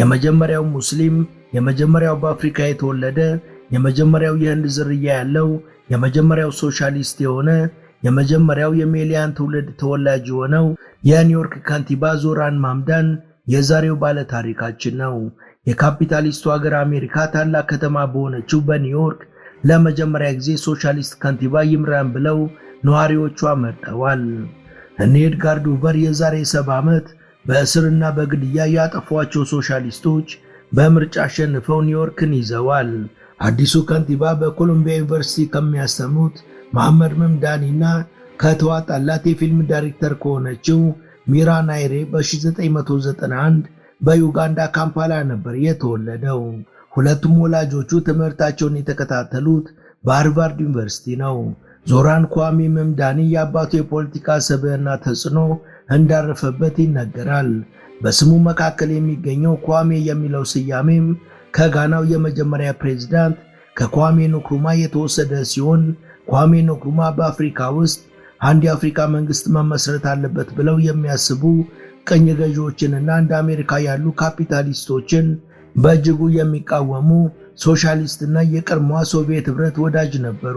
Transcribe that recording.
የመጀመሪያው ሙስሊም፣ የመጀመሪያው በአፍሪካ የተወለደ፣ የመጀመሪያው የህንድ ዝርያ ያለው፣ የመጀመሪያው ሶሻሊስት የሆነ፣ የመጀመሪያው የሜሊያን ትውልድ ተወላጅ የሆነው የኒውዮርክ ከንቲባ ዞራን ማምዳን የዛሬው ባለታሪካችን ነው። የካፒታሊስቱ ሀገር አሜሪካ ታላቅ ከተማ በሆነችው በኒውዮርክ ለመጀመሪያ ጊዜ ሶሻሊስት ከንቲባ ይምራን ብለው ነዋሪዎቿ መርጠዋል። እኔ ኤድጋር ዱቨር የዛሬ 70 ዓመት በእስርና በግድያ ያጠፏቸው ሶሻሊስቶች በምርጫ አሸንፈው ኒውዮርክን ይዘዋል። አዲሱ ከንቲባ በኮሎምቢያ ዩኒቨርሲቲ ከሚያስተምሩት መሐመድ መምዳኒና ከተዋጣላት የፊልም ዳይሬክተር ከሆነችው ሚራ ናይሬ በ1991 በዩጋንዳ ካምፓላ ነበር የተወለደው። ሁለቱም ወላጆቹ ትምህርታቸውን የተከታተሉት በሃርቫርድ ዩኒቨርሲቲ ነው። ዞራን ኳሚ ምምዳኒ የአባቱ የፖለቲካ ስብዕና ተጽዕኖ እንዳረፈበት ይነገራል። በስሙ መካከል የሚገኘው ኳሜ የሚለው ስያሜም ከጋናው የመጀመሪያ ፕሬዝዳንት ከኳሜ ንክሩማ የተወሰደ ሲሆን ኳሜ ንክሩማ በአፍሪካ ውስጥ አንድ የአፍሪካ መንግስት መመስረት አለበት ብለው የሚያስቡ ቀኝ ገዢዎችንና እንደ አሜሪካ ያሉ ካፒታሊስቶችን በእጅጉ የሚቃወሙ ሶሻሊስትና የቀድሞዋ ሶቪየት ኅብረት ወዳጅ ነበሩ።